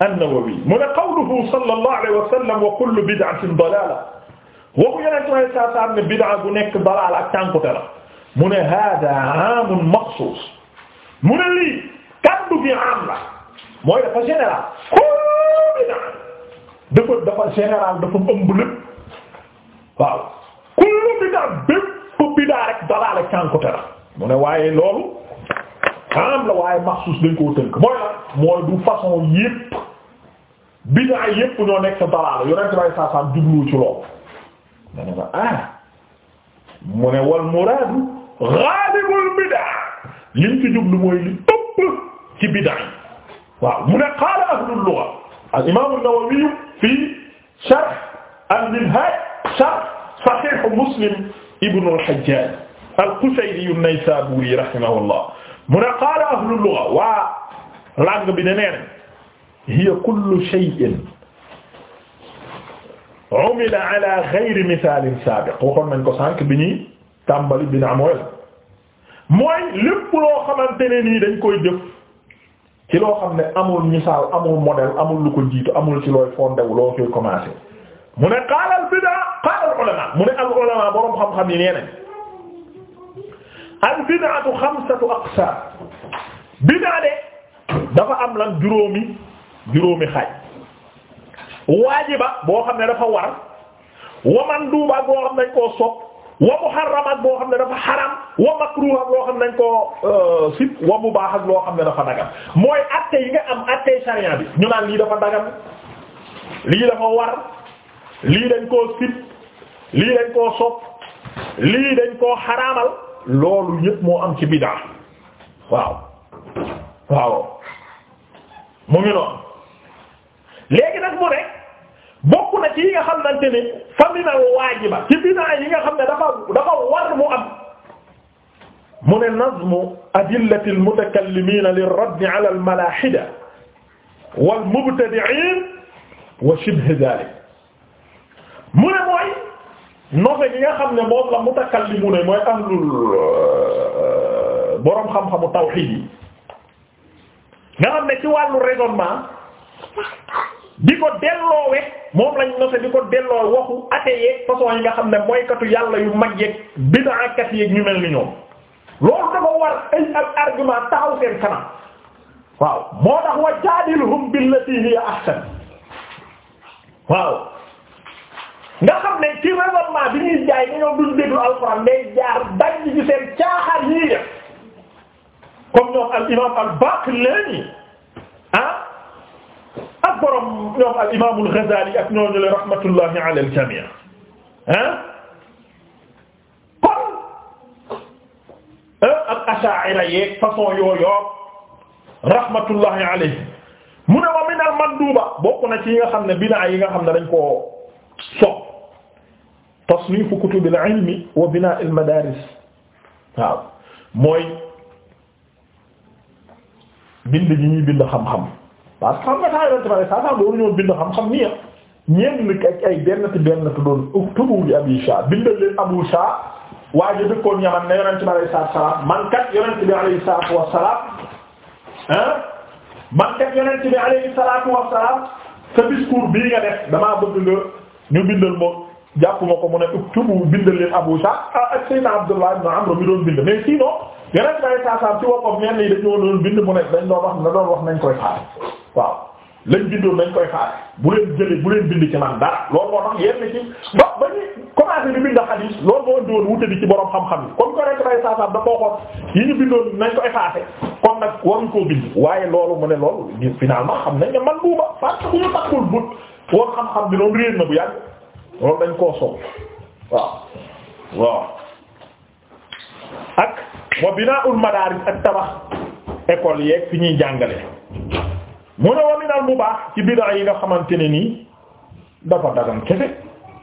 an-Nawawi mu ne qawluhu sallallahu alayhi wa sallam wa kullu bid'atin dalaala waxu yeneen tuuti saa saa am ne bid'a bu nekk dalaala ak cànkute la mu ne haaza aamun maxsuus mu ne lii kaddu gi am la mooy dafa général kullu bid'a dafa dafa général dafa ëmb lépp waaw kullu bid'a bépp bid'a rek dalaala cànkute la mu ne waaye loolu. am la waaye maxsuus dañ koo tënk mooy la mooy du façon yépp bid'a yépp ñoo nekk sa dalaala yonent bay saasaam jublu ci lool nga ne ma ah mu ne wal muraadu ghalibul bid'a liñ ci jublu mooy li ëpp ci bid'a yi waaw mu ne qaala ahlul lugha al imam an-Nawawi fii sharh al-minhaj sharh sahih muslim ibn al-Hajjaj al-Qushayri an-Naysaburi rahimahullah mu ne qaala ahlul lugha waa langue bi ne nee na hiya kullu shay'in umila waxoon nañ ko sànq bi ñuy tàmbali bi na mooy mooy lépp loo xamante ne nii dañ koy jëf ci loo xam ne amul misaal amul modèle amul lu ko jiitu amul ci looy fondé wu loo koy commencé mu ne qaala al bid'a qaala mu ne al ulama boroom xam-xam yi nee nañ al bid'atu xamsatu aqsaam bid'a de dafa am lan juróomi juróomi xaaj waajiba boo xam ne dafa war wa manduuba boo xam ne dañ koo sopp wa muharramaat boo xam ne dafa xaram wa makruuh ak loo xam ne dañ koo euh, sib wa mubaax loo xam ne dafa dagan mooy atte yi nga am atte sharia bi ñu naan lii dafa dagan lii dafa war lii dañ koo sib lii dañ koo sopp lii dañ koo xaraamal loolu yépp moo am ci bidaa waaw waaw mu ngi noonu léegi nag mu ne bokk na ci yi nga xamante ne faminal waajiba ci bidaa yi nga xam ne dafa dafa war mu am mu ne nazmu adillati almutakallimina lirraddi ala almalahida walmubtadi'in wa shibhi dhalik mu ne mooy noose bi nga xam ne moom la mutakallimuna mooy ahlul euh, boroom xam-xamu tawhid yi nga xam ne ci wàllu raisonnement di ko delloowe moom lañ noose di ko delloowe waxu athée façon yi nga xam ne mooykatu yàlla yu mag yeeg bid'akat yeeg ñu mel ni ñoom loolu dafa war ay ak argument taxaw seen kanam waaw moo tax wa jaadilhum billati hiya ahsan waaw nga xam ne ci raisonnement bi ñuy jaay dañoo duñ déglu alxuraan day jaar dañ ci seen caaxaan yi def comme ñoom al imaam al Baqillani ah ak borom ñoom al imaamul Ghazali ak ñooñu le rahmatullahi ala al jami' ah kon eh, ak asha'ira yeeg façon yooyu rahmatullahi alayhi mu ne wa min al manduba bokk na ci yi nga xam ne bida yi nga xam ne dañ koo sopp tasniifu kutubil ilmi wa binaa'il madaaris waaw mooy bind gi ñuy bind xam-xam parce que xam nga taa yonent bari saa saa doonu ñoo bind xam-xam nii ah ñeent ak ay benn ti benn ti doon uktubu li Abi Shah bindal leen Abu Shah waaye dëkkoon Yaman ne bi alayhi salaatu wasalaam man kat yonent bi alayhi salaatu wasalaam ah man kat bi alayhi salaatu wasalaam sa discours bii nga def damaa bëgg nga jàpp ma ko mu ne uktubu bindal leen Abu Sa ah, ak Seydina Abdullah ibn Amr mi doon bind mais sinon yeneen may saasaam ci woppam ñenn yi doon bind mu ne dañ doon wax nga doon wax nañ koy xaar waaw lañ bindoon nañ koy xaar bu leen jëlee bu leen bind ci man dara loolu moo tax yenn ci ba ba ñu commencé di bind xadiis loolu moo doon wute di ci borom xam-xam yi comme ko rek may saasaam da koo xool yi ñu bindoon nañ ko effacé waaye loolu mu ne loolu finalement xam nañ ne man buuba parce que bu ñu takkul xam-xam bi bu yàgg loolu dañ koo sopp waaw waaw ak wa binaa'ul madaaris ak tabax école yeeg fi ñuy jàngale mu ne wa minal mubaah ci bid'a yi nga xamante ne nii dafa dagan kese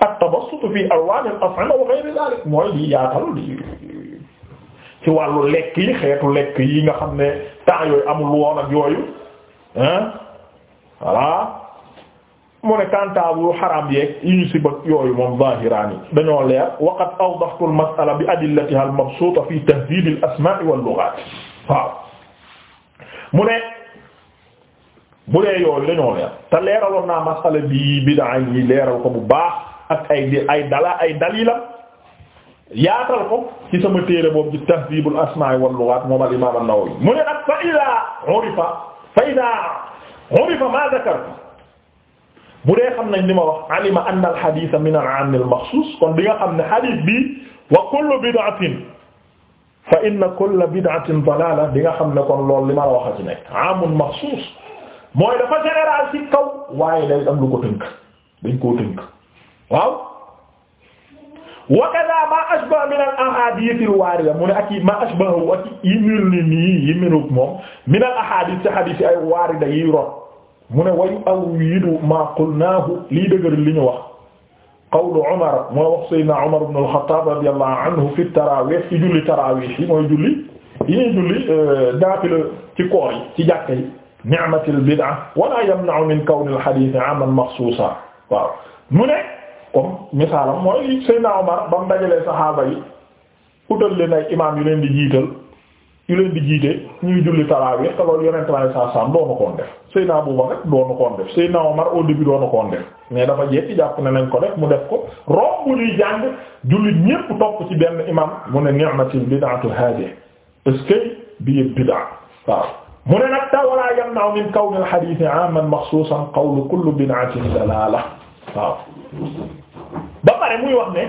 ak tabassut fi alwaani al-at'ima wa ghayri dhalik mooy di yaatal ci wàllu lekk yi xeetu lekk yi nga xam ne temps yooyu amul woon ak yooyu hein voilà mu ne kantaabu xaraam yeeg yi ñu si bëgg yooyu moom zahiraani dañoo leer waqad awdaxtu al mas'ala bi adillatiha al mabsuuta fi tahdhib al asmaa' wal lughaat waaw mu ne bu dee yooyu dañoo leer te leeraloon naa mas'ala bi bid'a yi leeral ko bu baax ak ay ay dala ay dalilam yaatal ko ci sama téere boobu ci tahdhib al asmaa' wal lughaat moom al imaam an-Nawawi mu ne nag fa idaa urifa fa idaa urifa maa dhakartu bu dee xam nañ li ma wax alima anna al hadith min al aam al maxsuus kon di nga xam ne hadith bi wa kullu bid'atin fa inna kulla bid'atin dalala di nga xam ne kon loolu li ma la wax a ci nekk aamun maxsuus mooy dafa général ci kaw waaye day am lu ko tënk dañ koo tënk waaw wa kaza ma ashbaha min al ahadith al warida mu ne ak yi ma ashbaha ak yi mel ni nii yi melut moom min al ahadith ci hadith ay warida yi rot mu ne wayu aw yidu maa qulnaahu lii dëgër li ñu wax qawlu Umar mooy wax Seydina Umar ibn al-Khattab radiyallahu anhu fi tarawih ci julli tarawih yi mooy julli yi ñuy julli euh, naafila ci koor yi ci jàkka yi ni'matil bid'a wala yamna'u min kawnil hadith 'aman maxsuusa waaw mu ne comme misaalam mooy Seydina Umar ba mu dajalee saxaaba yi utal leen ay imaam yu leen di jiital yu leen di jiite ñuy julli taraawi te loolu yonent bi sallallahu alayhi wasallam doonu koon Abu Bakr doonu koon def Seydina Omar au début doonu dafa jekki jàpp ko def mu def ko romb luy jàng jullit ñépp topp ci benn imam mu ne ni'matil bid'atu hadihi est-ce que bi bid'a waaw mu ne nag ta wala yamna'u min kawni al-hadith 'aman makhsusan qawlu kullu bid'atin dalalah waaw ba pare muy wax ne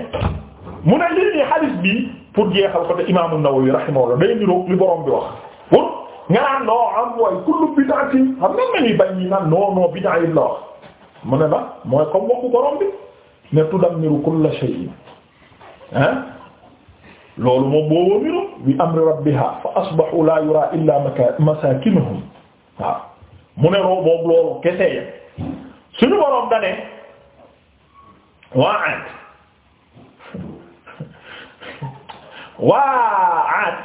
mu ne lii nii hadith bi pour jeexal ko te imaamu Nawawi rahimahullah day niroog li borom bi am mooy kullu bid'atin xam nga nañuy bañ ñi la wax mu ne la mooy comme ne tudammiru kulla shay'in ah loolu moom booboo niru bi amri rabbiha fa asbahu la yura illa masakinuhum waaw mu ne roo boobu loolu kese ya waa ànd waa Aad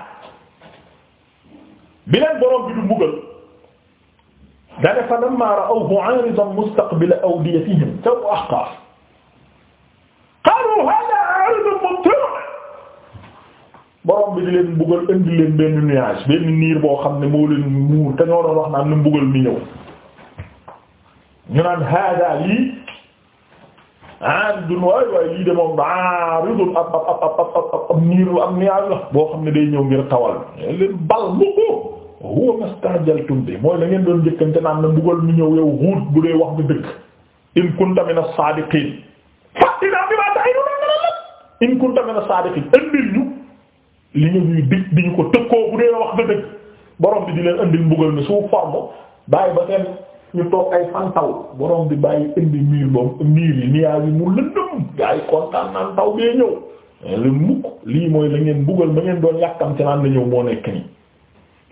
bi leen borom bi du mbugal dane falammaa ra'awhu 'aaridan mustaqbila awdiyatihim saw'a ahqaaf qaaluu haadhaa 'aaridun mumtirunaa borom bi di leen mbugal indi leen benn nuage benn niir boo xam ne moo leen muur te ñoo doon wax naan nu mbugal mi ñëw ñu naan haadhaa lii 'aaridun waay waay lii de moom 'aaridun ab ab ab ab am niir la am niyaal la boo xam ne day ñëw ngir tawal eh, leen bal mu ko huwa mastajaltum bi mooy la ngeen doon njëkkante naan na mbugal mu ñëw yow huut bu dee wax bi dëgg in kunta mina saadiqiin fa'tinaa bimaa ta'idunaa in kunta li nga ñuy dig di ñu ko wax nga bi di leen andil mbugal mi suu forme bàyyi ba seen ñu toog ay fan taw borom bi bàyyi indi miir boobu miir yi niyaal mu lëndëm gaa yi naan taw bee ñëw lu mukk lii mooy la ngeen buggal ma ngeen doon yàkkam ci naan la ñëw moo nekk nii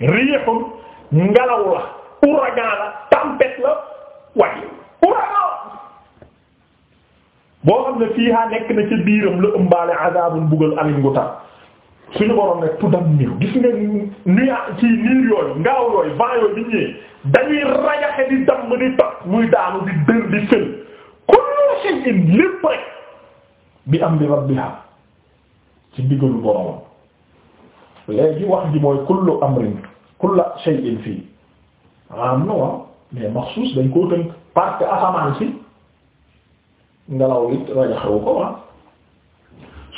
riixul ngelaw la ouragan la tempête la waaye ouragan boo xam ne fiihaa nekk na ca biiram la ëmbaale azabun buggal alim gu tar suñu borom ne tudammiru gis nga nuya ci niir yooyu ngaaw yooyu vent yooyu bi dañuy rajaxe di damm di topp muy daanu di dër di fël kullu shay'in lépp rek bi am bi rabbiha ci ndigalu boromam léegi wax ji mooy kullu amrin kullu shay'in fii am na waaw mais maxsuus dañ koo asamaan si ngelaw li rajaxewu ko waaw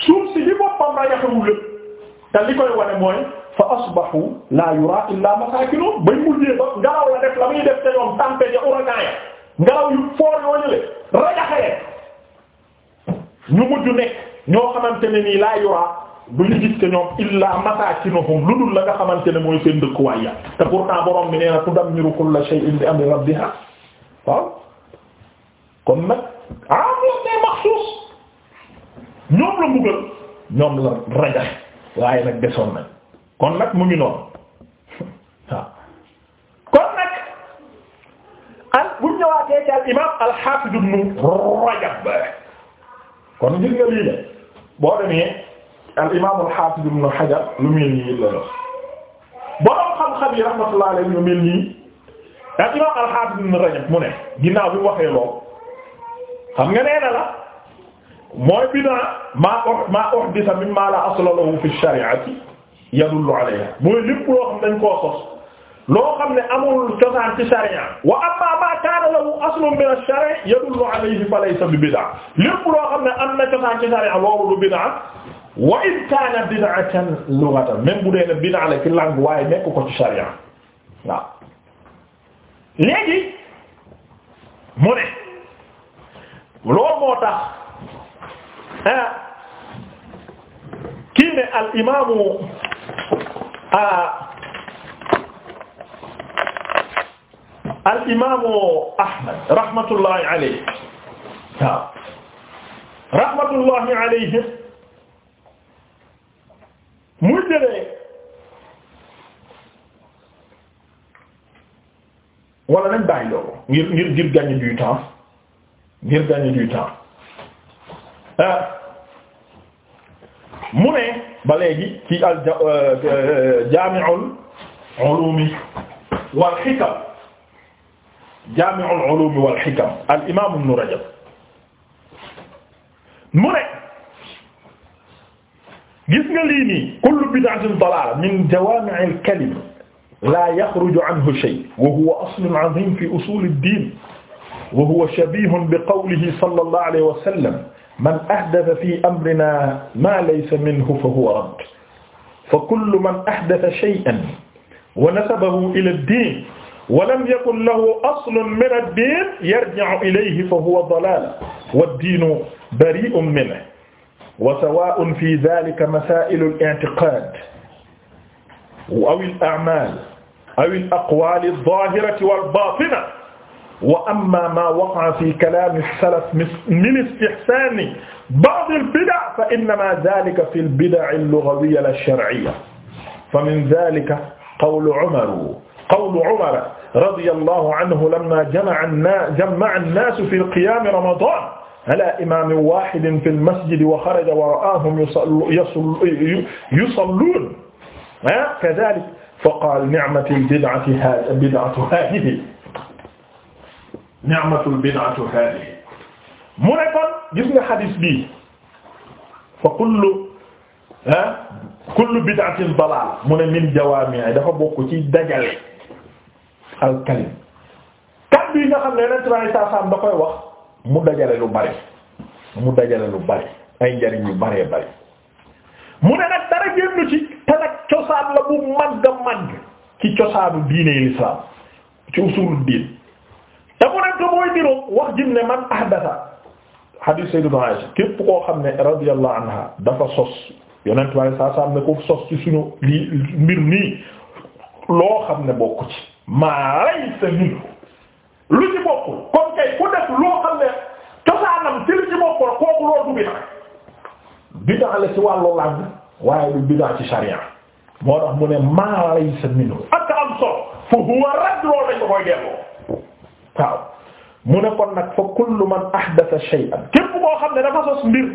suuf si li boppam rajaxewu lépp te li koy mooy fa asbahu la yura illa masakinuhum bañ mujjee ba ngelaw la def la muy def te ñoom tempête ya ouragan ya ngelaw yu foor yoo ñële rajaxee ñu mujj nekk ñoo xamante ne nii laa yuraa du ñu gis te ñoom illaa masaakinuhum lu dul la nga xamante mooy seen dëkkuwaay ya te pourtant borom bi nee na tudammiru kulla shay'in bi amri rabbiha waaw kon nag ah moom maxsuus ñoom la mbugal ñoom la rajax waaye nag desoon nañ kon nag mu ngi noonu kon nag al bu ñëwaatee ci al imaam al-Hafiz ibn Rajab kon gis nga lii la. boo demee al imaam al haafid ibn hajar lu mel nii la def borom xam-xam yi rahmatullahi alayhi lu mooy bidaa maa maa uhdisa la asla lahu fi shari'ati yadullu alayha mooy lépp loo xam dañ loo xam ne amul cosaan ci sharia wa amma ma kaana lahu aslun min ash-shar'i yadullu alayhi fa laysa bi bid'a lépp loo xam ne am na cosaan ci sharia loolu du bid'a wa in kaana bid'atan lughatan même bu dee ne bid'a la ci langue waaye nekk ko ci sharia waaw léegi mu ne loolu moo tax ah kii ne al imaamu ah. al imaamu Ahmad rahmatullahi alayhi waaw rahmatullahi alayhi mu jëlee wala nañ bàyyi loolu ngir ngir ngir gagner du temps ngir gagner du temps ah. mu ne ba léegi ci al jaami'ul euh, euh, ulumi wal hikam jaami'ul ulum wal hikam al imam ibn rajab mu ne gis nga lii nii kullu bid'atin dalaala min jawaami'il kalim laa yaxruju anhu shay wa huwa aslun azim fi usulid diin wa huwa shabihun bi qawlihi sallallahu alayhi wa sallam man ahdatha fi amrinaa maa laysa minhu fa huwa radd fa kullu man ahdatha shay'an wa nasabahu ila ad-diin wa lam yakun lahu aslun min ad-din yarji'u ilayhi fa huwa dalal wad-dinu bari'un minhu wa sawa'un fi dhalika masail al-i'tiqad aw al-a'mal aw al-aqwal adh-dhahirah wal-batinah wa amma ma waqa'a fi kalam as-salaf min istihsan ba'd al-bida' fa innama dhalika fi al-bida' al-lughawiyyah la ash-shar'iyyah fa min dhalika qawlu Umar qawlu Umar radiyallahu anhu lamma jama'a an-naas jama'a an-naas fi qiyaami Ramadaan ala imaamin waahidin fil masjidi wa xaraja wa ra'aahum yusalluun kazaalika faqaala ni'matul bid'atu haadihi ni'matul bid'atu haadihi mu ne kon gis nga xadis bi fa kullu ah kullu bid'atin dalaala mu ne min jawaami'i dafa bokk ci dajale al kalim kaddu yi nga xam ne yeneen saa saam da koy wax mu dajale lu bari mu dajale lu bari ay njariñ yu baree bari mu ne nag dara génn ci te nag cosaan la bu màgg a ci cosaanu diine l'islam ci usulul diin te mu nekk mooy niroo wax jim ne man ahdasa hadith Sayyidatu Aisha képp koo xam ne radiyallahu anha dafa sos yonent tubaab saa ne ko sos ci suñu mbir nii loo xam ne bokk ci. maa laysa minhu lu ci bokkul kon kay ku def loo xam ne cosaanam ci lu ci bokkul kooku loolu du bid'a bid'a la ci wàllu làng waaye du bid'a ci sharia moo tax mu ne maa laysa minhu ak am solo fa huwa radd loolu lañ ko koy delloo waaw mu ne kon nag fa kullu man ahdatha shay'an képp koo xam ne dafa sos mbir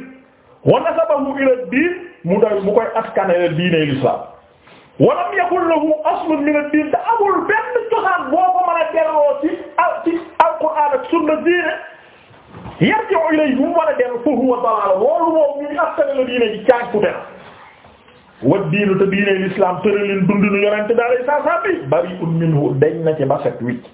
wa nasabahu ila diin mu doy mu koy askanale diine l'islam walam yakul lahu aslun min ad-din te amul benn cosaan boo ko mën a delloo ci al ci alquran ak sunna diine yarji'u ilayhi bu mu mën a dellu fa huwa dalal loolu moom ñu askan la diine ji caag ku def wa diinu te diine l'islam tëralin dundinu yonent daal saa saa bi bari'un minhu dañ na ci ba wicc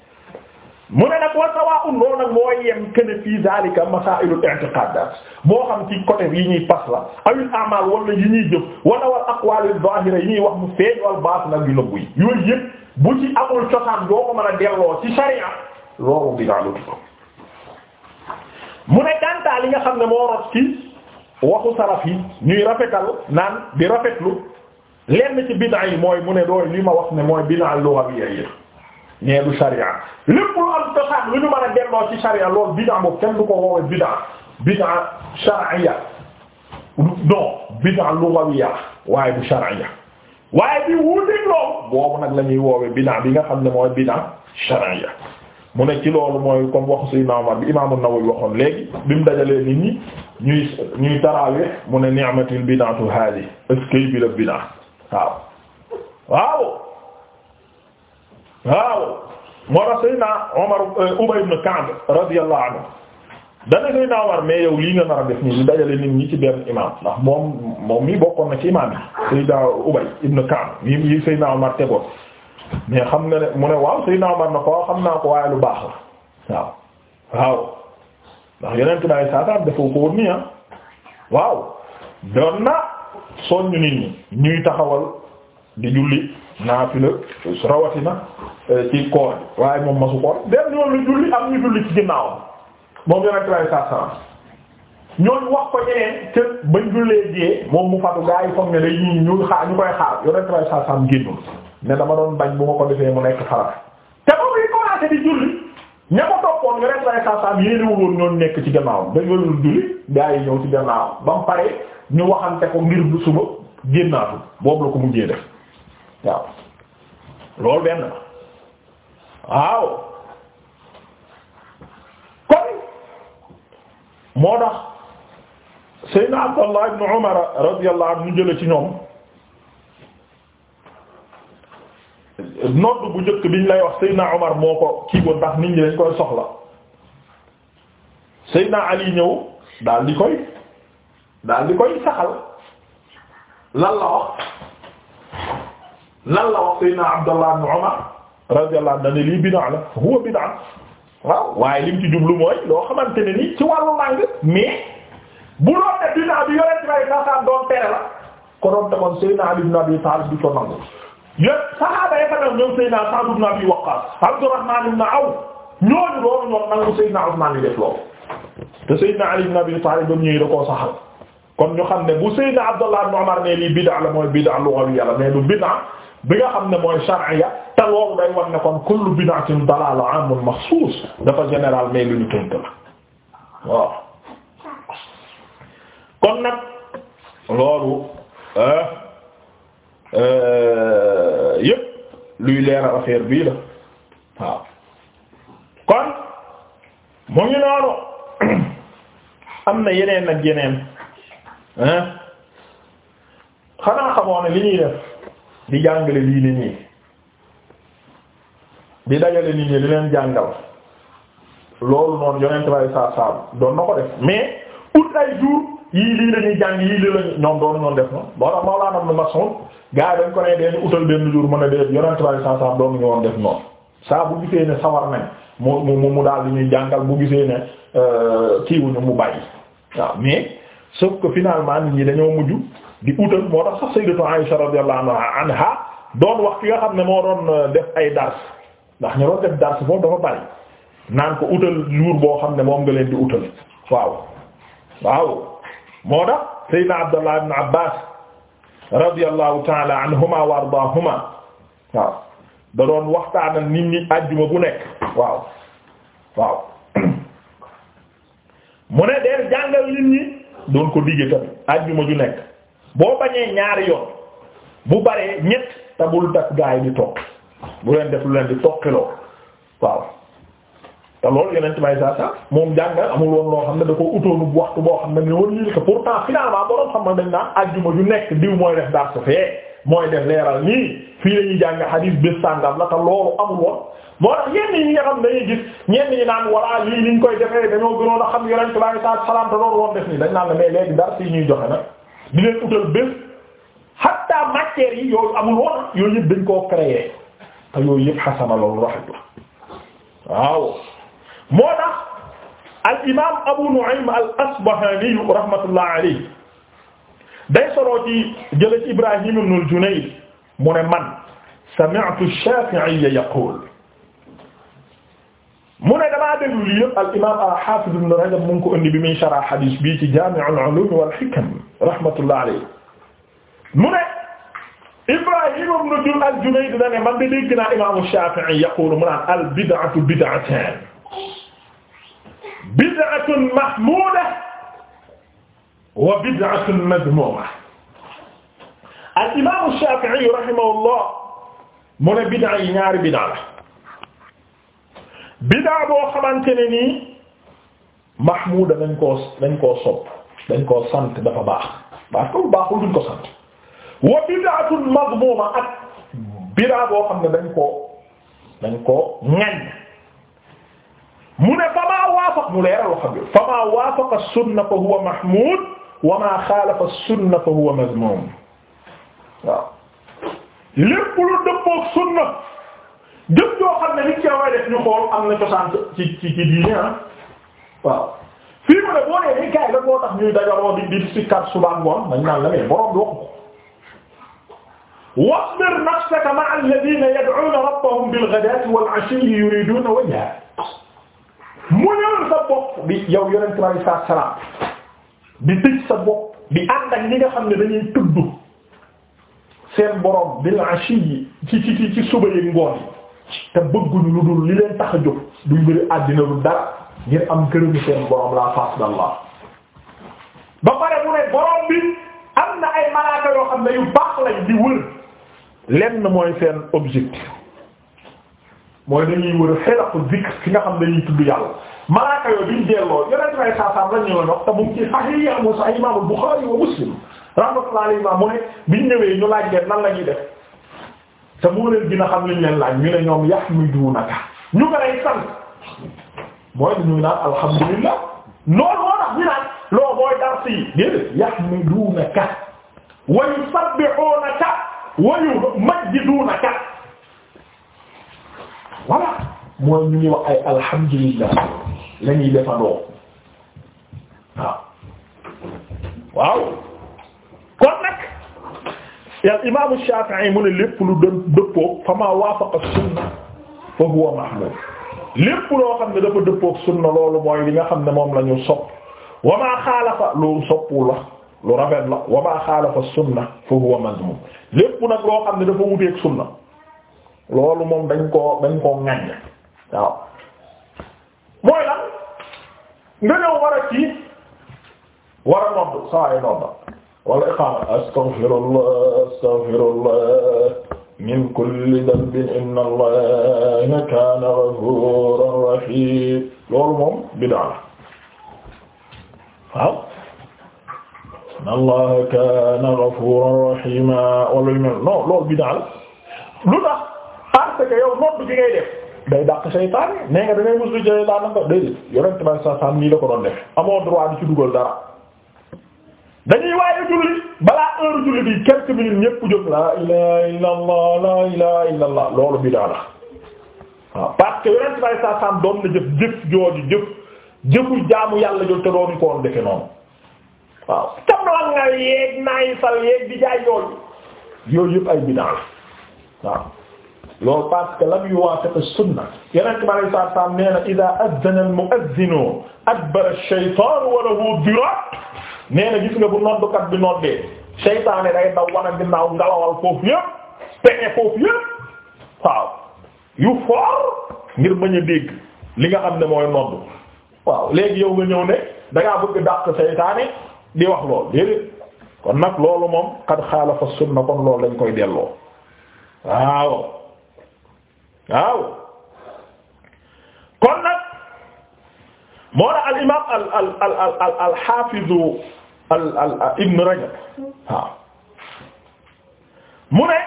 mu ne nag war sawaa'un loolu nag moo yem kene fii zalika masaa'ilul i'tiqaadat moo xam ci côté yi ñuy pas la awil a'maal wala yi ñuy jëf wala wal aqwaalul zaahira yi ñuy wax mu feeñ wal baatin nag yu nëbbu yi yooyu yëpp bu ci amul cosaan doo ko mën a delloo ci sharia loolu bidaa lu tudd mu ne gàntaa li nga xam ne moo rot ci waxu salaf yi ñuy rafetal naan di rafetlu lenn ci bidaa yi mooy mu ne dooy li ma wax ne mooy bidaa lughawiyya nee du sharia lépp lu am cosaan lu ñu mën a delloo ci sharia loolu bid'a boobu kenn du ko woowe bid'a bid'a shar'iyya non bid'a lughawiyya waaye du shar'iyya waaye bi wuuteeg loolu boobu nag la ñuy woowe bid'a bi nga xam ne mooy bid'a shar'iyya mu ne ci loolu mooy comme wax si Omar bi imaam an waxoon léegi bi mu dajalee nit ñi ñuy ñuy mu ne ni'matul bid'atu hadi est-ce que bi la bid'a waaw waaw waaw moo tax Seydina Omar euh, Ubay ibn Ka'b radiyallahu anhu dana Seydina Omar mais yow lii nga nar a def nii dajalee dajale nit ñi ci benn imaam ndax moom moom mii bokkoon na ci imaam yi Seydina Ubay ibn Ka'b yi yi Omar tegoon mais xam nga ne mu ne waaw Seydina Omar na ko xam naa ko waaye lu baax la waaw waaw ndax yeneen tubaab yi saa saa dafa ko nii ah waaw doon na soññu nit ñi ñuy taxawal di julli naafila rawatina. Euh, ci koor waaye moom masu koor dem ñoom julli am ñu julli ci ginnaawam moom yonent bi sallallahu alayhi wasallam wax ko ñeneen te bañ jullee jiyee moom mu fatu gaa yi foog ne dañ ñu koy xaar yonent bi sallallahu alayhi wasallam ne dama doon bañ bu ma ko defee mu nekk farat te moom yi commencé di julli ña ko toppoon yonent bi sallallahu alayhi wasallam yéenewul woon nekk ci ginnaawam ba ñu waxante ko ngir suba génnaatu boobu la ko mujjee def waaw loolu benn waaw kon moo tax Seydina Abdallah ibn Umar radiyallahu anhu ñu jële ci ñoom nodd bu njëkk biñ lay wax Seydina Umar moo ko kii woon ndax nit ñi dañ koy soxla Seydina Ali ñëw daal di koy daal di koy saxal lan la wax lan la Umar radiyallahu anhu dane lii huwa bid'a waaw waaye li ci jublu mooy loo xamante ne ni ci wàllu langue mais bu doon ne bid'a bi yonent bi alayhi salaam doon tere la ko doon demoon Seydina Ali ibn Abi Talib bi ko nangu yéen saxaaba ya fa ñëw ñoom Seydina Abi Waqqas Abdurrahman ibn Awf ñooñu loolu ñoom nangu Seydina Usman yi def Abi Talib kon ñu xam ne bu Seydina Abdullah ibn Umar ne lii bid'a la mooy bid'a lughawiyya la mais du bid'a bi nga xam ne mooy shar'iyya te loolu day wax ne kon kullu bid'atin dalaala amun maxsuus dafa général mais lu ñu kon nag loolu euh, euh, yépp luy leeral affaire bii la waaw kon mu ngi am na yeneen ak yeneen hein xanaa xamoo ne li ñuy di jàngale lii nit ñi bi dajale nit ñi di leen jàngal loolu noonu yonent bay saa doon na ko def mais ut ay jour yii lii la ñuy jàng yii lii la ñoom doon ñoon def na moo tax Mawlana Ibn Mas'ud gars yi dañ ko ne deen utal benn jour mën a dee yonent bay saa saam doon def noonu saa bu gisee ne sawar nañ mu mu mu daal di ñuy jàngal bu gisee ne euh, kiiwuñu mu bàyyi waaw mais sauf que finalement nit ñi dañoo mujj di utal moo tax sax Sayyidatu Aisha radiyallahu anha doon wax ki nga xam ne moo doon euh, def ay dars ndax ñu doon def dars foofu dafa bari naan ko utal jour boo xam ne moom nga leen di utal waaw waaw moo tax Seydina Abdallah ibn Abbas radiyallahu waaw da doon waxtaanal nit ñi àjjuma bu nekk waaw waaw mu ne deel jàngal nit ñi doon ko digge tamit àjjuma ju nekk boo bañee ñaari yoon bu baree ñett tabul dak di toog bu leen def lu leen di toqiloo waaw te loolu yeneen may saa saa moom jàngal amul woon loo xam ne da ko utoonub waxtu boo xam ne ne woon lii que pourtant finalement boroom xam na dañ naan ajjuma nekk diw mooy def dars fee mooy def leeral nii fii la ñuy jàng xadiis bés sàngam la te loolu amul woon moo tax ñenn ñi nga xam dañuy gis ñenn ñi naan walla lii liñ koy defee dañoo gënoon a xam yonent bi saa salaam te loolu woon def nii dañ naan la mais léegi dars yi ñuy joxe nag di leen utal yi yooyu yooyu yëpp koo te yooyu yëpp xasana loolu rafet la waaw moo tax al imaam Abu Nu'aym al Asbahani rahmatullah alayhi day soloo ci jële ci Ibrahim ibn al Junayd mu ne man sami'tu ash-Shafi'i yaqul mu ne damaa déglu lii yëpp al imaam al hafiz ibn Rajab mu ngi ko indi bi muy sharh hadith bii ci Jami' al Ulum wal Hikam rahmatullah alayhi mu ne Ibrahim ibn Jul al-Junayd dina ne man de dégg naa imaamu Shafi'i yaqulu mu naan al bid'atu bid'atan bid'atun mahmuda wa bid'atun madmuma al imaamu Shafi'i rahimahullah mu ne bid'a yi ñaari bid'a la bid'a boo xamante ne nii mahmuda dañ koo dañ koo sopp dañ koo sant dafa baax parce que bu baaxul duñ ko sant. wa bid'atun madmuma ak boo xam ne dañ koo dañ koo mu ne fa maa waafaq mu leeral wax bi fa maa waafaqa as-sunna fa huwa mahmud wa mazmum waaw lépp lu dëppook sunna jëf ne li ci way def ñu xool am na ci ci ci diine ah. mu ne boo nee ni gars yi la boo tax ñuy dajaloo di di si kat suba ngoon dañ naan la mais borom bi waxu wasbir nafsaka ma'a alladhina yad'una rabbahum bil ghadati wal 'ashiyyi yuriduna wajha muñal sa bopp bi yow yonent bi alayhi salaatu salaam di tëj sa bopp di ànd ak ñi nga xam ne dañuy tudd seen borom bil 'ashiyyi ci ci ci ci suba yeeg ngoon yi te bëgguñu lu dul li leen tax a jóg duñ bëri àddina lu dara ngir am gërëmu seen borom la face d'Allah ba pare mu ne borom bi. am na ay malaaka yoo xam ne yu baax lañ di wër lenn mooy seen objectif mooy dañuy wër xelaqu zikr fi nga xam ne dañuy tudd yàlla malaaka yooyu biñ delloo yonent may saasaam lañ ñëwoon wax te mu ci sahih ya mu sahih imaamul Buxaari wa Muslim rahmatullahi alayhi ma mu ne biñ ñëwee ñu laaj leen la ñuy def te moo gën a xam liñ leen laaj ñu ne ñoom yahmidunaka ñu nga lay sant mooy dañuy naan alhamdulillah loolu moo tax ñu naan loo mooy dars yi déedéet yahmidunaka wa yusabbihunaka wa yumajjidunaka voilà mooy ñu ngi wax ay alhamdulillah la ñuy defandoo waaw waaw kon nag al imam Shafi'i mu ne lépp lu dë dëppoo fa ma waafaqa sunna fa huwa mahmud lépp loo xam ne dafa dëppook sunna loolu mooy li nga xam ne moom la ñu sopp wa maa xaalafa loolu soppul la lu rafet la wa maa xaalafa sunna fa huwa mazmum lépp nag loo xam ne dafa wuteek sunna loolu moom dañ koo dañ koo ŋaññ mooy lan nga ñëw war a ci war a nodd saa yi nodd wala iqaama astaghfirullah astaghfirullah min kulli dambin inna allaha kaana ghafuuran rahiim loolu moom bid'a waaw inna allaha kaana ghafuuran rahiima wala lu mel non loolu bid'a lu tax parce que yow noonu bi ngay def day dàq seytaane nee nga da ngay muslu seytaane ko déedéet yonent bi sallallahu alayhi wasallam nii la ko doon def amoo droit di ci dugal dara. dañuy waaye julli balaa heure julli bi quelques minutes ñépp jóg laa ilaha illa allah laa ilaha illa allah loolu bidaa la waaw parce que yonent bay saa saam doon na jëf jëf jooju jëf jëfu jaamu yàlla jooju te doon ko woon defe noonu waaw tam la nga yeeg naay sal yeeg di jaay yooyu yooyu yëpp ay bidaa la waaw loolu parce que lam yuwaafiq as-sunna yonent bi alayhi salaatu wa salaam nee na idaa azzana al-mu'azzinu adbara ash-shaytaanu wa lahu diraa' nee na gis nga bu noddukat bi noddee seytaane day daw wan a ngalawal foofu yëpp pexe foofu yëpp waaw yu foor ngir bañ dégg li nga xam ne mooy noddu waaw léegi yow nga ñëw ne dangaa bëgg dàq seytaane di wax lool déedéet kon nag loolu moom xad xaalafa sunna kon loolu lañ koy delloo waaw waaw kon nag moo la al imaam al al al al al xaafizu al al ibn Rajab waaw mu ne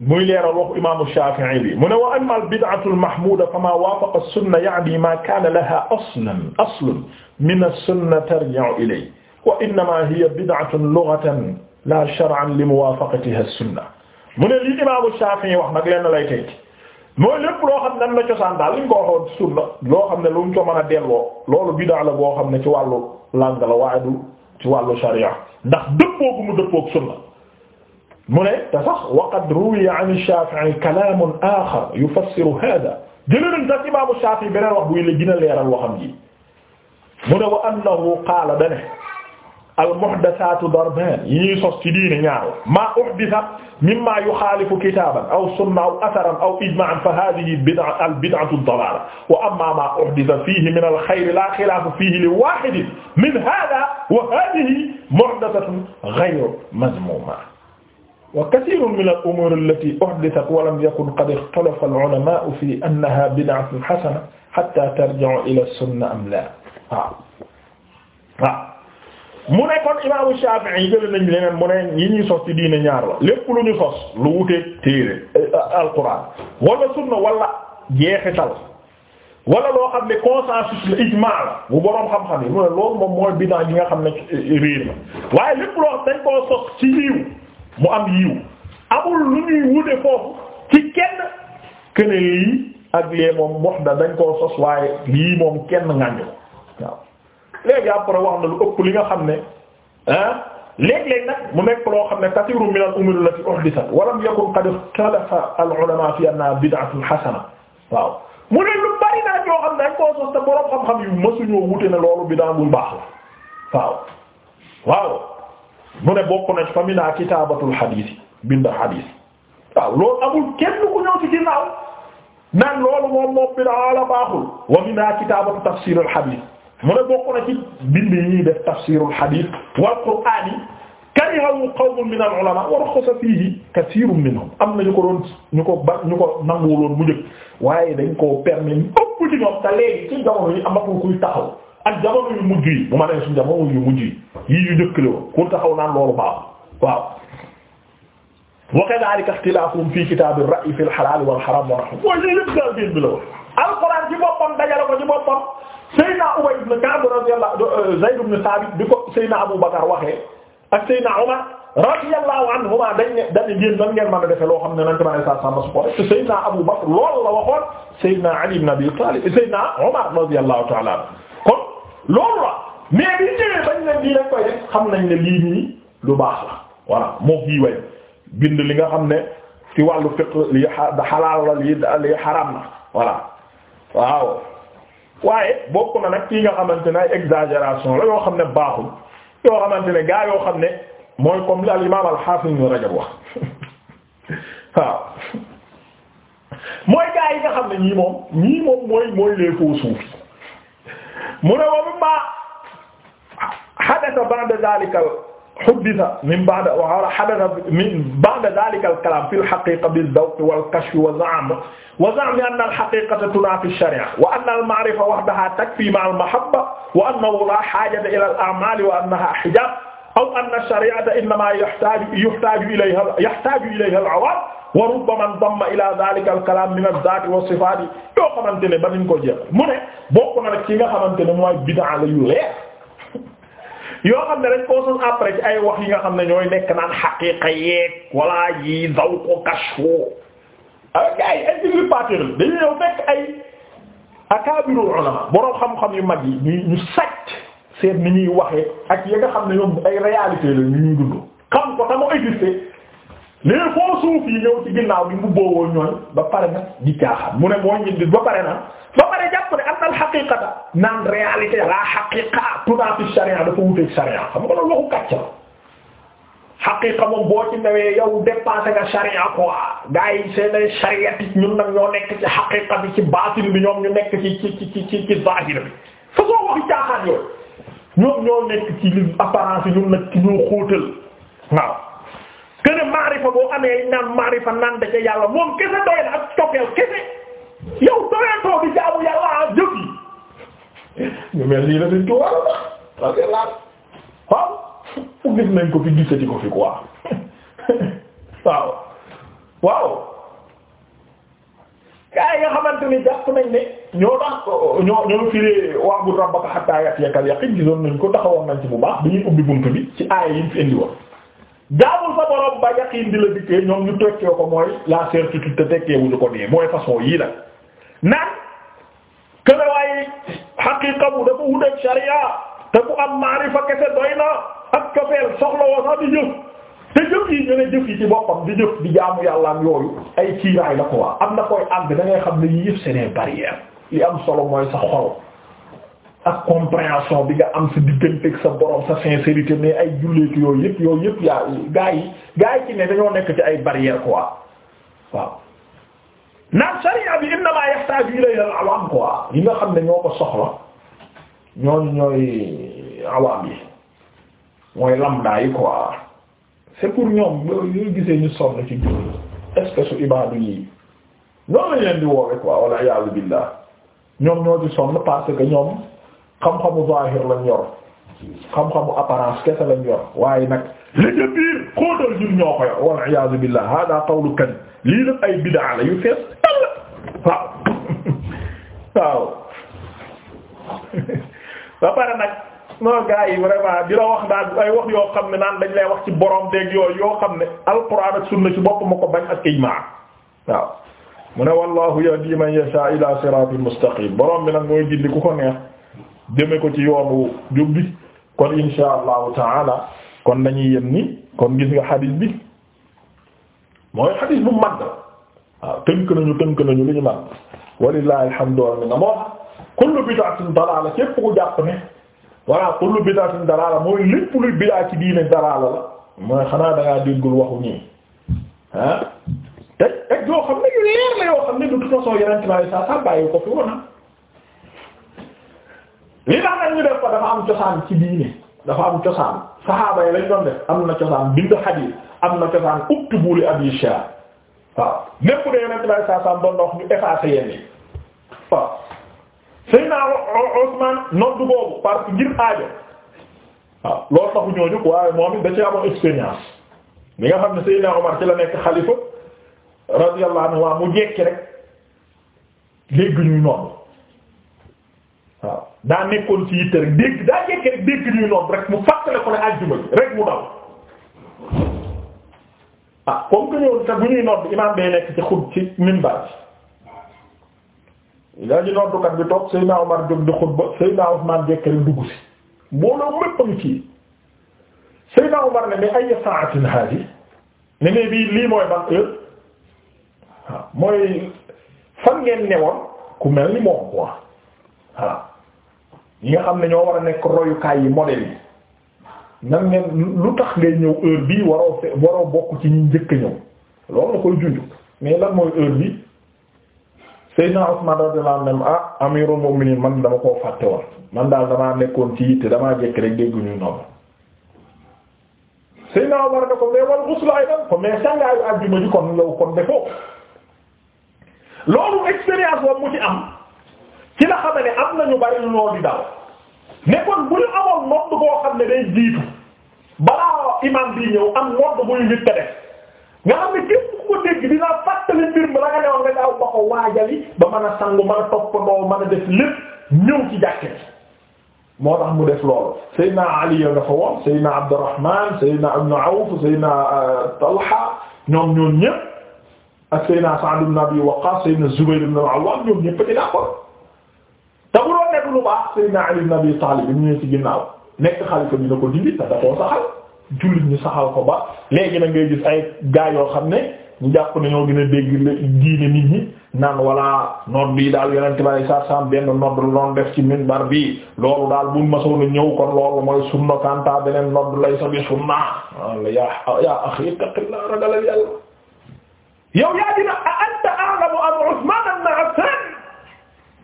muy leeral waxu imaamu Shaafi'i bi mu ne wa amma al bid'atu al mahmuda fa ma waafaqa as sunna ya'ni ma kaana laha aslan aslun min as sunna tarji'u ilayhi wa innama hiya bid'atun lughatan la shar'an li muwaafaqatiha as sunna mu ne lii imaamu Shaafi'i wax nag lenn lay tey mooy lépp loo xam ne nan la cosaan daal li ñu ko waxoon sunna loo xam ne lu ñu ko mën a delloo loolu bid'a la boo xam ne ci wàllu làng la waaye du ci wàllu sharia ndax dëppoo gu mu dëppoo ak sunna mu ne te sax wa qad ruwiya an Shafi'i kalaamun axar yufassiru haaza jëlee nañ sax imaamu Shafi'i beneen wax buy la gën a leeral waxam ji mu ne wa annahu qaala dane al muhdathatu darban yi ñuy sos ci diine ñaaw maa uhditha mimma yukhalifu kitaban aw sunna aw atharan aw ijma'an fa hadhihi bid'a al bid'atu ad-dalala wa amma ma uhditha fihi min al khayr la khilafa fihi li wahidin min hadha wa hadhihi muhdathatun ghayru madmuma wa kathirun min al umur allati uhdithat wa lam yakun qad ikhtalafa al ulama fi annaha bid'atun hasana hatta tarji'u ila as-sunna am la waaw waaw mu ne kon imaamu Shafi'i jël nañ leneen mu ne yi ñuy sos ci diine ñaar la lépp lu ñu sos lu wuteeg téere euh, alquran wala sunna wala jeexital wala loo xam ne consensus la ijmaa la bu boroom xam-xam yi mu ne loolu moom mooy bid'a gi nga xam ne réer la waaye lépp loo dañ koo sos ci yiw mu am yiw amul lu ñuy wute foofu ci kenn kene lii ak lee moom wax da dañ koo sos waaye lii moom kenn ngàññu waaw léegi après lu ëpp li nga xam ne ah léeg mu nekk loo xam ne kathiru min al umur allati uhdithat wa lam yakun qad ikhtalafa al ulama mu ne ne dañ koo sos te borom xam-xam loolu bid'a bu baax la waaw mu ne bokk fa minaa kitaabatul hadith bind hadith waaw loolu amul kenn ku ñëw ci ginnaaw naan loolu moom moom bid'a la baaxul wa minaa kitaabatu tafsirul hadith mu ne bokk na ci bind yi ñuy def tafsirul hadith wal qur'aan yi karihahu qawmun min al ulama wa fihi kathirun minhum am na ñu ko doon ñu ko ba ko nanguwuloon mu njëkk waaye dañ koo permettre ëpp ci taxaw ak jamono yu mujj bu ma nee suñu jamono yu yii yu njëkk la ku taxaw naan loolu baax waaw. wa kadhalika ikhtilafuhum fi kitab ar-ra'y fi al-halal wal haram Seydina Ubay ibn Ka'b radiyallahu euh, Zayd ibn Thabit bi ko Seydina Abu Bakar waxee ak Seydina Umar radiyallahu anhuma dañ ne dañ ne yéen nan ngeen mën a defee loo xam ne nan damaa saa sàmm su ko Ali ibn Abi Talib Seydina Umar radiyallahu ta'ala kon loolu la mais bi ñëwee bañ ne lii rek koy def nañ ne lii nii lu baax la voilà moo kii li nga xam ne ci wàllu fiqh li xalaal la li xaraam na voilà waaw. waaye bokk na nag kii nga xamante ne ay la yoo xam ne baaxul yoo xamante ne gaa yoo xam ne mooy comme li al imaam al hafiz ibn rajab wax waaw mooy gaa yi nga xam ne ñii moom ñii moom mooy mooy les faux soufis mu ne wa mimma hadatha ba'da zalika huddisa min ba'di wa hadatha min ba'di dhalika al-kalam fi al-haqiqa bil-dawq wal-kashf wa za'm wa za'm anna al-haqiqata tunafi ash-shari'a wa anna al-ma'rifa wahdaha takfi ma'a al-mahabba wa annahu la hajata ila al-a'mal wa annaha hijab aw anna ash-shari'ata innama yahtaju yahtaju ilayha yahtaju ilayha al-'awam wa rubbama damma ila dhalika al-kalam min adh-dhati was-sifati yoo xamante ne ba nañ ko jeex mu ne bokk na rek ci nga xamante ne mooy bid'a yu leer yoo xam ne dañ koo sos après ci ay wax yi nga xam ne ñooy nekk naan xaqiiqa yeeg walla yi daw ko kashfu ak ay explicateur dañu ñëw fekk ay akaabiru ulama boroom xam-xam yu mag yi ñu ñu sàcc seen ni ñuy waxee ak yi nga xam ne ñoom ay réalité la ñu ñuy dund xam ko tamu existé mais foo suuf yi ñëw ci ginnaaw bi mu booboo ñooñ ba pare nag di caaxaan mu ne moo ñindi ba pare na ba pare jàpp ne am na xaqiiqata naan réalité la xaqiiqa tunaafi sharia dafa wuteeg sharia xam nga loolu waxu kàcc la xaqiiqa boo ci newee yow dépassé nga sharia quoi gars yi seen ay chariatique ñun nag ñoo nekk ci xaqiiqa bi ci baatin bi ñoom ñu nekk ci ci ci ci ci zahir bi façon waxi caaxaan yooyu ñoom ñoo nekk ci li ñun nag ci ñoo kën a maarifa boo amee naan maarifa naan da yàlla moom kese doy na ak toppeel kese yow doyatoo bi jaamu yàlla ah jëf yi ñu mel nii la dañ ko war a wax parce que nañ ko fi gisati ko fi quoi waaw waaw gaa yi nga xamante ni jàpp nañ ne ñoo tax ñoo ñoo firee wa'bud rabbaka hatta ya'tiyakal yaqin gisoon nañ ko taxawoon nañ bu ma bi ñuy ubbi buntu bi ci aaya yi fi indi woon jaamul sa borom ba yaqiin di la dikkee ñoom ñu tekkee ko mooy la certitude te tekkee wuñu ko nii mooy façon yii nag naan këne waaye xaqiiqa bu dafa wuteek sharia te ku am maarifa kese doy na ak cofeel soxla woo sax di te jëf yi ñu jëf yi ci boppam di jëf di jaamu yàlla am yooyu ay kiiraay la ko am na koy àgg da ngay xam ne yii yëpp c'est des barrières li am solo mooy sa xol ak compréhension bi nga am sa digganteeg sa borom sa sincérité mais ay julleetu yooyu yëpp yooyu yëpp yaa gaa yi gaa yi ci ne dañoo nekk ci ay barrières quoi waaw naan sariya bi innama yahtaju ilayhi al-awam quoi yi nga xam ne ñoo ko soxla ñooñu ñooy awaam yi mooy lambda yi quoi c'est pour ñoom yooyu gisee ñu sonn ci julli espèce u ibaadu yi ñoo lañ leen di woowe quoi wala iyaazu billah ñoom ñoo ci sonn parce que ñoom xam-xamu zahir lañ yor xam-xamu apparence kese lañ yor waaye nag li nga biir xóotal ñun wal iyaazu billah hada qawlu kan lii nag ay bid'a la yu fees waaw waaw ba pare nag non yi vraiment di la wax daal ay wax yoo xam ne naan dañ lay wax ci borom dégg yooyu yoo xam ne alquran ak sunna ci bopp ma ko bañ ak ijmaa waaw mu ne wallahu yahdi man yasha ila siratin mustaqim borom bi nag mooy gindi ku ko neex jëme ko ci yoonu jub bi kon insha allahu taala kon dañuy yem ni kon gis nga xadis bi mooy xadis bu mag waaw tënk nañu tënk nañu li ñu mag walillahi alhamdu minna moo kullu bid'atin dalaala képp ku jàpp ne voilà kullu bid'atin dalaala mooy lépp luy bid'a ci diine dalaala la mooy xanaa dangaa déggul waxu ñii ah te yoo xam ne yu leer la yoo xam ne de toute façon yeneen ci laay saa saa bàyyi ko fi woon ah. li tax ñu def ko dafa am cosaan ci diine dafa am cosaan saxaaba yi lañ doon def am na cosaan bind xadiis am na cosaan uktubu li abi shah waaw lépp de yonent bi saa saa doon wax ñu effacer yenn yi waaw Seydina Usmaan boobu parce ngir aajo waaw loolu taxu ñooñu waaye moom da ci amoon expérience mi nga xam ne Seydina Umar ci la nekk xalifa radiyallahu anhu mu jekki rek léegi ñuy noonu waaw daa nekkoon ci yitte rek dégg daa jekk rek dégg ñuy noonu rek mu fàttale ko ne àjjuma bi rek mu daw ah comme que ñëw bu ñuy nodd imaam day nekk ci xut ci minbar bi daa ji noddukat bi toog dugg si mbooloo mépp a ngi ci Seydina Omar ne mais ne mais bii lii mooy ban ah, mooy fan ngeen newoon ku mel ni moom quoi waaw ah. yi nga xam na ñoo war a nekk royukaay yi modèle yi nan ngeen lu tax ngay ñëw heure bi waroo fe waroo bokk ci ñu njëkk ñëw loolu la koy junj mais lan mooy heure bi Seydina Usman radiyallahu anhu ah amirul mu'minin man dama koo fàtte woon man daal damaa nekkoon ci yitte damaa jekk rek dégguñu noonu Seydina Umar ne ko mais wal ghusl ko mais sangaayu àjjuma ji kon yow kon defoo loolu expérience woon mu ci am ci la xam na ñu nañu bari loolu di dal ne kon bu ñu amoon nodd xam ne day jiitu balaa imam bi ñëw am nodd bu ñu nit def nga xam ne képp ku ko dégg dinaa fàttali mbir mi la nga newoon nga daaw ba ba mën sangu mën a toppandoo mën def lépp ñëw ci jàkke moo tax mu def loolu Seydina Ali yo nga fa woon Seydina Abdurrahman Seydina Ibn Awf Seydina euh, Talha ñoom ñoom ñëpp ak Seydina Sa'd ibn Abi Waqqas Seydina Zubayr ibn al-Awwam ñoom ñëpp ci d'accord te bu doon nekk lu baax Seydina Ali ibn Abi bi mu ñëwee ci ginnaaw nekk xalifa bi na ko dindi te da saxal jullit ñu saxal ko ba léegi na ngay gis ay gaa yoo xam ne ñu jàpp ne ñoo gën a dégg diine nit ñi naan walla nodd bii daal yonent bi ay saar saam benn nodd la doon def ci minbar bi loolu daal bu masoon a ñëw kon loolu mooy sunna kanta beneen nodd lay sa bi sunna walla yaa yaa axi taqilla ragalal yàlla yow yaa dina a anta a'lamu an Usman ibn Affan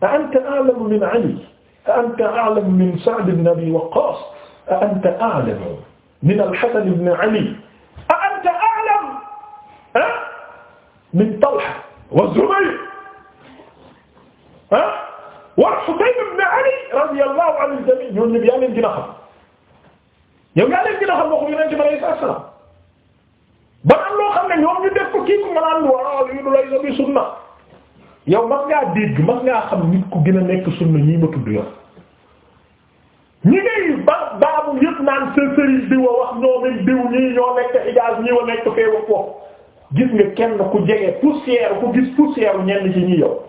a anta a'lamu min Ali a anta a'lamu min Sa'd ibn Abi Waqqas a anta a'lamu min al-Hasan ibn Ali a anta a'lamu min Talha wa Zubayr wa Husayn ibn Ali radiyallahu anhu al-jami' ñoom ñëpp yaa leen gën a xam yow yaa leen gën a xam waxu Yonent bi alayhi salaam ba am loo xam ne ñoom ñu def ko kii ku ma naan war a lii du lay sunna yow mas ngaa dégg mas ngaa xam nit ku gën a nekk sunna ñii ma tudd yow ñi ngay ba baabu yëpp naan sa sëriñ di wax ñoo nañ diw ñii ñoo nekk Hijaaz ñii wa nekk fee wa foofu gis nga kenn ku jege poussière ku gis poussière ñenn ci ñi yow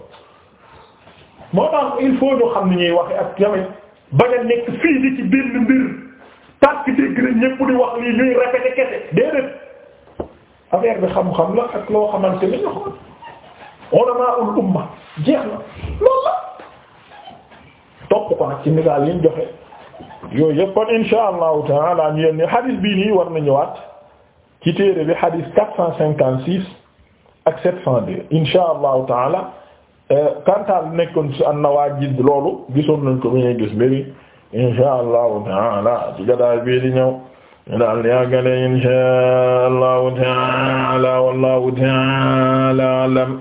moo tax il faut ñu xam ni ñuy waxe ak tamit ba nga nekk fii di ci benn mbir parce dégg na ñépp di wax lii ñuy répéter kese déedéet affaire bi xam-xam la ak loo xamante ni ñu xool ulamaa'ul umma jeex na loolu la topp ko nag ci misaal yi ñu joxe yooyu yëpp kon insha allahu taala ñu yem ni xadis bii nii war na ñëwaat ci téere bi xadis quatre cent cinquante six ak sept cent deux insha allahu taala euh, kantaal nekkoon si an-nawaajid loolu gisoon nañ ko bu ñuy gis mbiri insha allahu taala ci gadaay bii di ñëw daal yaagale insha allahu taala wallahu taala alam